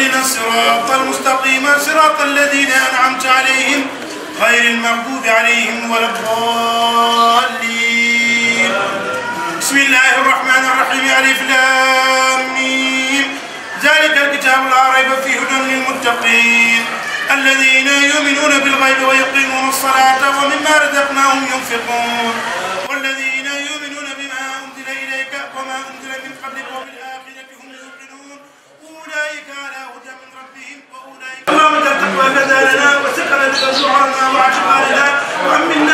اهدنا الصراط المستقيم صراط الذين أنعمت عليهم غير المغضوب عليهم ولا الضالين بسم الله الرحمن الرحيم ألف لام ذلك الكتاب لا ريب فيه هدى للمتقين الذين يؤمنون بالغيب ويقيمون الصلاة ومما رزقناهم ينفقون وثقلت أزوارنا وأجمالنا وأمنا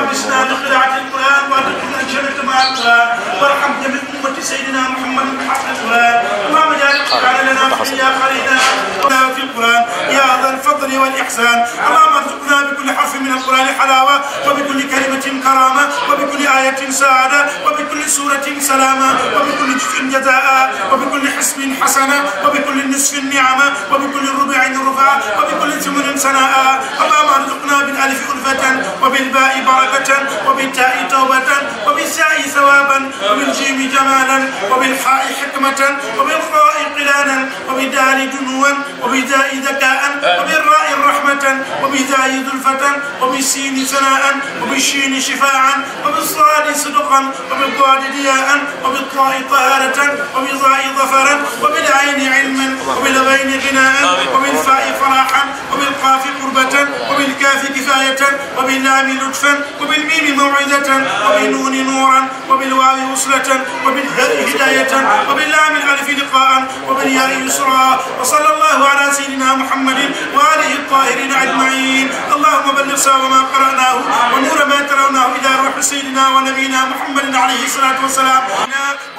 وامسنا بقراءة القرآن وأدخلنا الجنة مع القرآن وارحم جميع أمة سيدنا محمد بحق القرآن اللهم اجعل القرآن لنا في يا خلينا في القرآن يا ذا الفضل والإحسان اللهم ارزقنا بكل حرف من القرآن حلاوة وبكل كلمة كرامة وبكل آية سعادة سورة سلاما وبكل جزء جزاء وبكل حسب حسنة وبكل نصف نعمة وبكل ربع رفعة وبكل ثمن سناء اللهم ارزقنا بالألف ألفة وبالباء بركة وبالتاء توبة وبالساء ثوابا وبالجيم جمالا وبالحاء حكمة وبالخاء قلانا وبالدال جنوا وبالداء ذكاء وبالراء رحمة وبالذاء ذلفة وبالسين ثناء وبالشين شفاعا وبالصاد صدقا وبالضاد بالإفراد وبالطاء طهارة وبالظاء ظفرا وبالعين علما وبالغين غناء وبالفاء فرحا وبالقاف قربة وبالكاف كفاية وباللام لطفا وبالميم موعظة وبالنون نورا وبالواو وصلة وبالهاء هداية وباللام الألف لقاء وبالياء يسرا وصلى الله على سيدنا محمد وآله الطاهرين وتنسى وما قرأناه ونور ما ترونه إلى روح سيدنا ونبينا محمد عليه الصلاة والسلام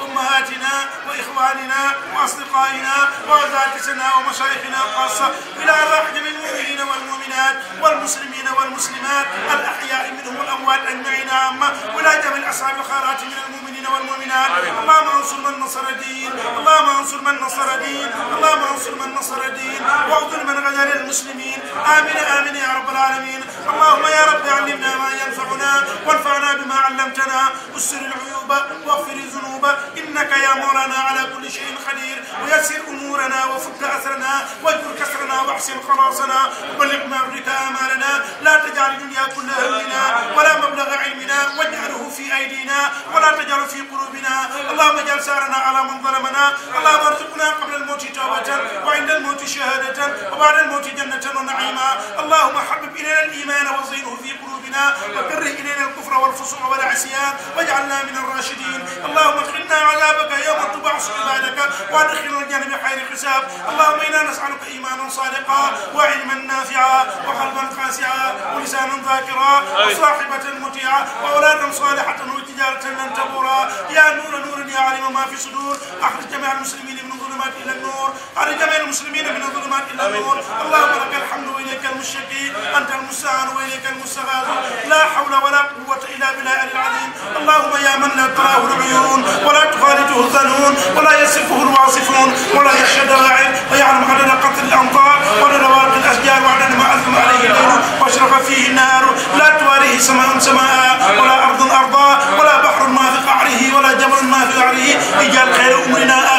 أمهاتنا أهلنا وأصدقائنا وأزاكسنا ومشايخنا الخاصة إلى أرواح جميع المؤمنين والمؤمنات والمسلمين والمسلمات الأحياء منهم والأموات أجمعين عامة ولا جميع الاصحاب الخيرات من المؤمنين والمؤمنات اللهم انصر من نصر الدين اللهم انصر من نصر الدين اللهم انصر من نصر الدين واغفر من غدر المسلمين آمين آمين يا رب العالمين اللهم يا رب علمنا ما ينفعنا وانفعنا بما علمتنا استر العيوب واغفر الذنوب إنك يا مولانا على كل شيء قدير ويسر أمورنا وفك أسرنا واجبر كسرنا واحسن خلاصنا وبلغنا بك آمالنا لا تجعل الدنيا كلها همنا ولا مبلغ علمنا واجعله في أيدينا ولا تجعل في قلوبنا اللهم اجعل سارنا على من ظلمنا اللهم ارزقنا قبل الموت توبة وعند الموت شهادة وبعد الموت جنة ونعيما اللهم حبب إلينا الإيمان وزينه في قلوبنا وكره إلينا الكفر والفسوق والعصيان واجعلنا من الراشدين اللهم اغفرنا على كلامك يا يوم تبعث عبادك وادخلنا الجنة بحير حساب اللهم إنا نسألك إيمانا صادقا وعلما نافعا وقلبا خاسعا ولسانا ذاكرا وصاحبة مطيعة وأولادا صالحة وتجارة لن تبورا يا نور نور يا عالم ما في صدور أخرج جميع المسلمين من الظلمات الى النور خرج جميع المسلمين من الظلمات الى النور اللهم لك الحمد واليك المشتكي انت المستعان واليك المستغاث لا حول ولا قوه الا بالله العظيم اللهم يا من لا تراه العيون ولا تخالطه الظنون ولا يصفه الواصفون ولا يشهد واعد ويعلم عدد قتل الامطار ولا واقع الاشجار وعدد ما اثم عليه الليل واشرف فيه النار لا تواريه سماء سماء ولا ارض ارضا ولا بحر ما في قعره ولا جبل ما في قعره اجعل خير امرنا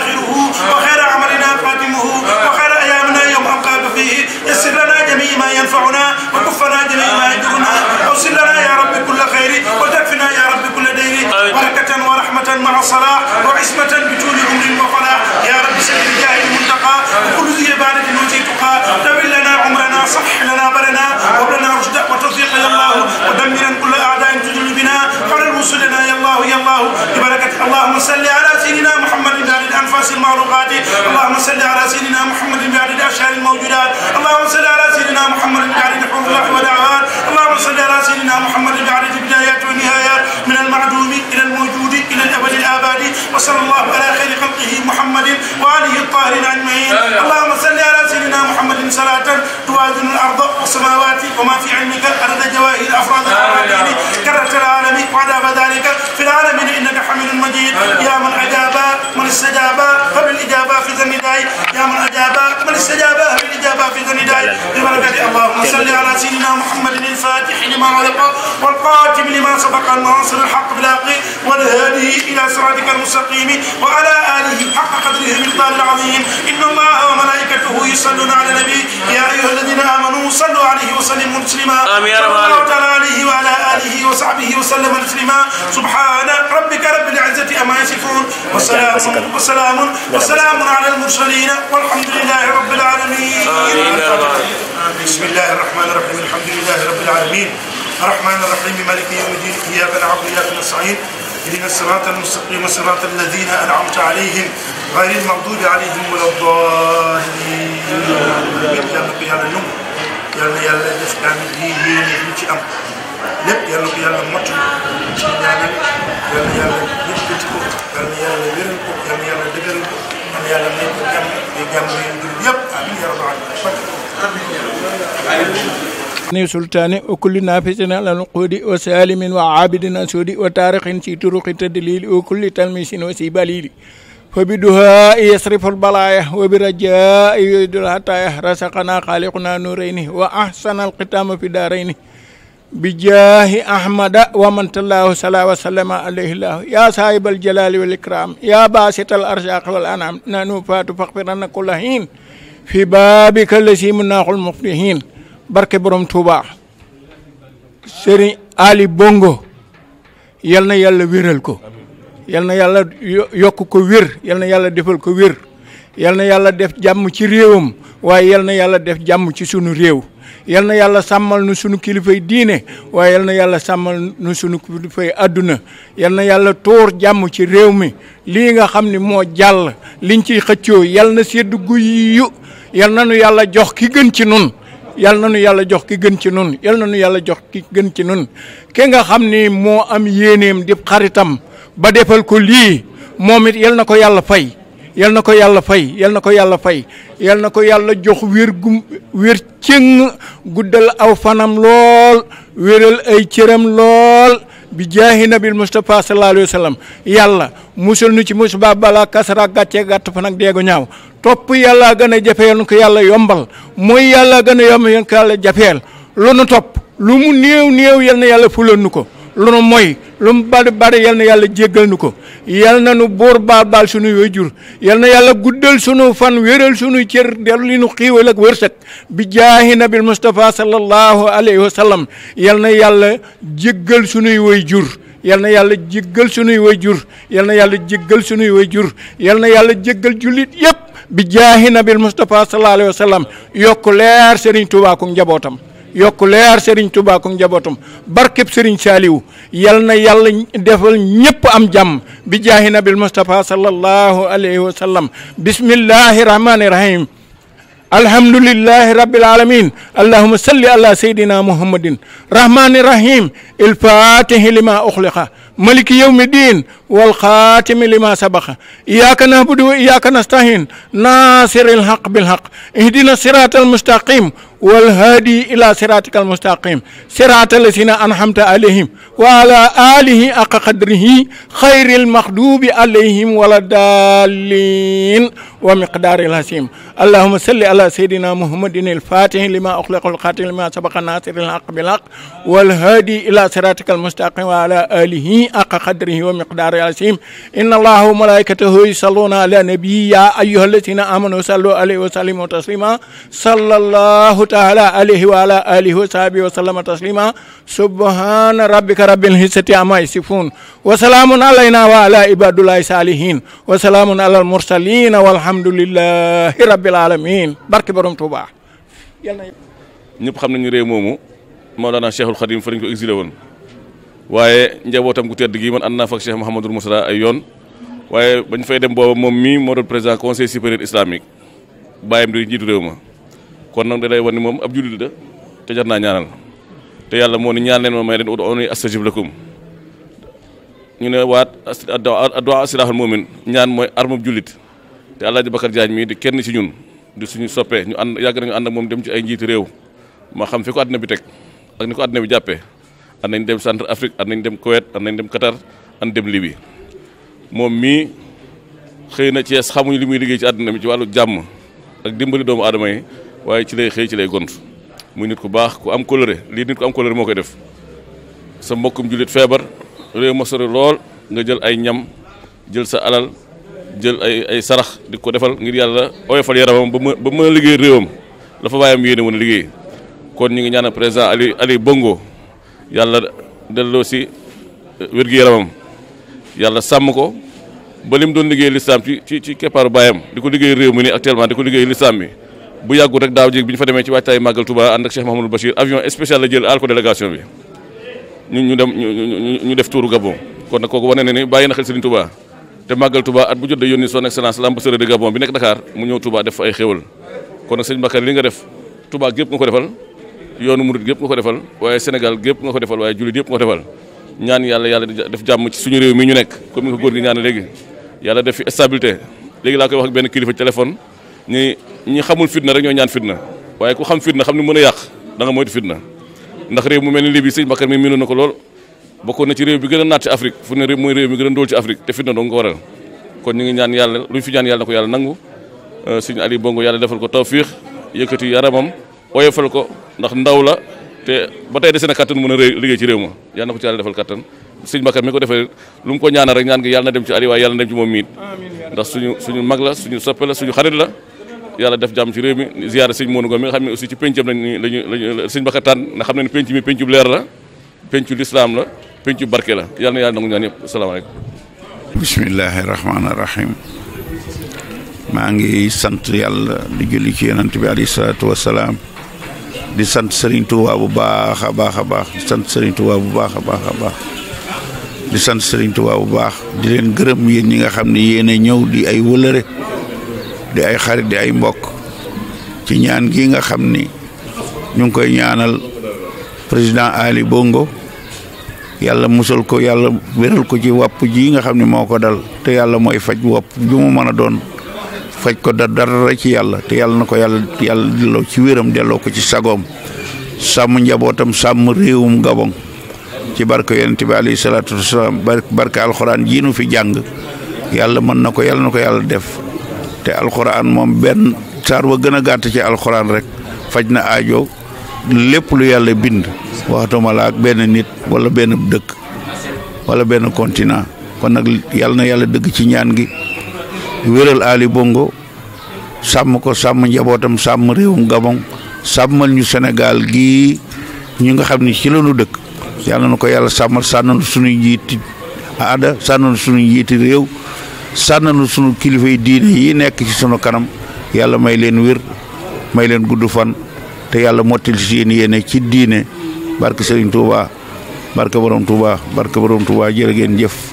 صل على سيدنا محمد بعد الأشهر الموجودات اللهم صل على سيدنا محمد بعد الحروف والأعوان اللهم صل على سيدنا محمد بعد البدايات والنهايات من المعدوم إلى الموجود إلى الأبد الآبادي وصلى الله على خير خلقه محمد وآله الطاهرين أجمعين وصلي على سيدنا محمد الفاتح لما علق والقاتم لما سبق الناصر الحق بلاقي والهادي الى صراطك المستقيم وعلى اله حق قدره المقدار العظيم ان الله وملائكته يصلون على النبي يا ايها الذين امنوا صلوا عليه وسلموا تسليما امين يا رب الله عليه وعلى اله وصحبه وسلم تسليما سبحان ربك رب العزه اما يصفون وسلام وسلام وسلام على المرسلين والحمد لله رب العالمين امين يا رب بسم الله الرحمن الرحيم الحمد لله رب العالمين الرحمن الرحيم مالك يوم الدين اياك نعبد واياك نستعين اهدنا الصراط المستقيم صراط الذين انعمت عليهم غير المغضوب عليهم ولا الضالين الا من yàlla yàlla def daanaka lii yéene ñu ci am lépp yàlla ko yàlla motu ci ñaanal yàlla yàlla yëkkati ko yàlla yàlla wéral ko yàlla yàlla dëgëral ko man yàlla may ko jàmm day jàmm yéen gërëm yëpp amiin yaa rabbal aalamiin ni sultaani okulli naafisina lal quudi wa saalimin wa aabidina sudi wa taarixin si turuqi tadlili okulli talmisin wa si balili wabi duha iya srifun balaya wabi raja iya idul hataya rasakana khaliqna nuraini wa ahsanal qitama ini bijahi ahmad wa man tallahu salama wa alaihi ya sahibal jalali wal kram ya basital arzaq akhlal anam nanu fatu faqfirana kulahin, fi babika allazi munahul muqrihin barke borom tuba seri ali bongo yalna yalla wiral yal na yàlla yokk ko wér yal na yàlla defal ko wér yal na yàlla def jàmm ci réewam waaye yal na yàlla def jàmm ci sunu réew yal na yàlla sàmmal nu sunu kilifay diine waaye yal na yàlla sàmmal nu sunu kilifay àdduna yal na yàlla tuur jàmm ci réew mi lii nga xam ni moo jàll liñ ciy xëccoo yal na sedd guyu yal na nu yàlla jox ki gën ci nun yal na nu yàlla jox ki gën ci nun yal na nu yàlla jox ki gën ci nun ki nga xam ni moo am yéeneem di xaritam ba defal ko lii moom it na ko yàlla fay yal na ko yàlla fay yal na ko yàlla fay yal na ko yàlla jox wér gu wér guddal aw fanam lool wéral ay cëram lool bi jaahi nabil Moustapha sallallahu alayhi yàlla musal nu ci musiba balaa kasara gàcce gàtt fan ak deego ñaaw topp yàlla gën a jafeel nu ko yàlla yombal mooy yàlla gën a yomb yéen ko yàlla jafeel lu nu topp lu mu néew na yàlla fulal nu ko. lu nu mooy lu mu bari bari yal na yàlla jéggal nu ko yal na nu buur baal baal sunuy jur yal na yàlla guddal sunu fan wéral sunuy cër dellu li nu xiiwal ak wërsëg bi jaahi nabil Mustafa sallallahu alayhi wa sallam yal na yàlla jéggal sunuy jur yal na yàlla jéggal sunuy wayjur yal na yàlla jéggal sunuy wayjur yal na yàlla jéggal jullit yépp bi jaahi nabil Mustafa sallallahu alayhi wa sallam yokk leer Serigne Touba njabootam. yokk leer Serigne Touba ak njabootam barkeb Serigne Saliou yal na yàlla defal ñëpp am jàmm bi jaahi nabil Mustafa sallallahu alayhi wa sallam bismillahi rahmani rahim alhamdulillahi rabbil alamin allahumma salli ala sayyidina muhammadin rahmani rahim il fatihi lima ukhliqa maliki yawmi din wal xaatimi lima sabaxa iyaaka nahbudu wa iyaaka nastahin nasiril haq bil haq ihdina siratal mustaqim والهادي إلى صراطك المستقيم صراط الذين أنعمت عليهم وعلى آله اقدره خير المخدوب عليهم ولا الضالين ومقدار الهسيم اللهم صل على سيدنا محمد الفاتح لما أخلق القاتل لما سبق الناصر الحق بالحق والهادي إلى صراطك المستقيم وعلى آله أق قدره ومقدار الهسيم إن الله وملائكته يصلون على نبي يا أيها الذين آمنوا صلوا عليه وسلموا تسليما صلى الله تعالى عليه وعلى آله وصحبه وسلم تسليما سبحان ربك رب العزة عما يصفون وسلام علينا وعلى عباد الله الصالحين وسلام على المرسلين والحمد alhamdulillah rabbil alamin barki borom touba yalla ñep xamna ñu rew momu maulana cheikhul khadim fa ko exilé won waye njabotam gu tedd gi man anna na fa cheikh mohammed ay yoon waye bañ fay dem bobu mom mi modul conseil supérieur islamique bayam du jitu rewma kon nak dalay wone mom ab julit da te jarna ñaanal te yalla mo ni ñaan len mo may udu ud'uni astajib lakum ñu ne waat addu'a silahul mu'min ñaan moy armab julit te di bakar diagne mi di kenn ci ñun di suñu soppé ñu and yag nañu and ak moom dem ci ay njiiti réew ma xam fi ko adna bi tek ak ni ko bi jappé an nañ dem centre afrique an nañ dem kuwait an nañ dem qatar an dem libi mom mi xeyna ci es xamuñu limuy muy liggéey ci adna mi ci walu jamm ak dimbali doomu adama yi waye ci lay xey ci lay gont muy nit ku baax ku am coloré li nit ku am coloré moo koy def sa mbokum julit febar réew ma sori lool nga jël ay ñam jël sa alal jël ay ay sarax di ko defal ngir yàlla oyofal yaramam ba mën ba mën liggéey réewam dafa bàyyam yéene woon liggéey kon ñu ngi ñaanal président Ali Ali Bongo yàlla delloo si eh, wér-gi yaramam yàlla sàmm ko ba lim doon liggéey lislaam ci ci ci keppaaru baayam di ko liggéey réew mi ni actuellement di ko liggéey lislaam bi bu yàggu rek daaw jéeg bi ñu fa demee ci waajtaay màggal Touba ànd ak Cheikh Mahamadou Bachir avion spécial la jël aal ko délégation bi ñu ñu ñu def tuuru Gabon kon nag kooku wane na bàyyi na xel Serigne Touba te màggal Touba at bu jot day yónni son excellence l'ambassadeur de Gabon bi nekk Dakar mu ñëw Touba def ay xéwal kon nag sëñ li nga def tubaa gépp nga ko defal yoonu murit gépp nga ko defal waaye Sénégal gépp nga ko defal waaye jullit yëpp nga ko defal ñaan yàlla yàlla def jàmm ci suñu réew mi ñu nekk comme ni ko góor gi ñaan léegi yàlla def fi stabilité léegi laa koy wax ak benn kilifa téléphone ñi ñi xamul fitna rek ñoo ñaan fitna waaye ku xam fitna xam ni mën yàq da nga moytu fitna ndax réew mu mel ni Libye sëñ mi miinu na ko lool bokkoon na ci réew bi gën a naat ci Afrique fu ne mooy réew mi gën a ndóol ci Afrique te fitna dong ko waral kon ñu ngi ñaan yàlla lu ñaan yàlla na ko yàlla nangu euh, suñu Aliou Bongo yàlla defal ko tawfiix ko ndax ndaw la te ba tey dese na kattan mën a liggéey ci réew ma yàlla na ko ci yàlla defal kattan mi ko defee lu mu ko ñaana rek ñaan nga yàlla na dem ci Aliou waaye yàlla na dem ci moom miit ndax suñu suñu mag la suñu soppe la suñu xarit la yàlla def jàmm ci réew mi ziyaara sëñ Moodu mi nga xam ne aussi ci péncam lañu lañu lañu sëñ Bakar tànn nga xam ne pénc mi péncu leer la péncu lislaam la pencu barke la yalla yalla yàlla nangu ñaan yëpp alaykum bismillahir rahmanir rahim ma ngi sant yalla di julli ci yonent bi alayhi salaatu wasalaam di sant Serigne Touba bu baakha baakha baax di sant Serigne Touba bu baakha baakha baax di sant Serigne Touba bu baax di len gërëm yeen ñi nga xamni yene ñew di ay wëlëre di ay xarit di ay mbokk ci ñaan gi nga xamni ñu koy ñaanal président Ali Bongo yalla musul ko yalla wéral ko ci wap ji nga xamni moko ko dal te yalla moy faj wap bu mu mën don faj ko da dara ci yalla te yalla nako ko yalla yàlla ci wéram delloo ko ci sagom sam njabotam sam rewum gabon ci barke yonent bi ali salaatu wasalaam barke alquran jinu nu fi jang yalla man nako ko nako yalla def te alquran mom ben saar wa gën ci alquran rek Fajna ajo lepp lu yalla bind waxatuma la ak benn nit wala benn dëkk wala benn continent kon nag yàlla na yàlla dëgg ci ñaan gi wéral Ali Bongo sàmm ko sàmm njabootam sàmm réewum Gabon sàmmal ñu Sénégal gi ñu nga xam ni ci lañu dëkk yàlla na ko yàlla sàmmal sànnal suñu njiiti aada sànnal suñu njiiti réew sànnal suñu kilifa yi diine yi nekk ci suñu kanam yàlla may leen wér may leen gudd fan te yàlla mottil si yéen yéene ci diine barke Serigne Touba barke Borom Touba barke Borom Touba jërë ngeen jëf.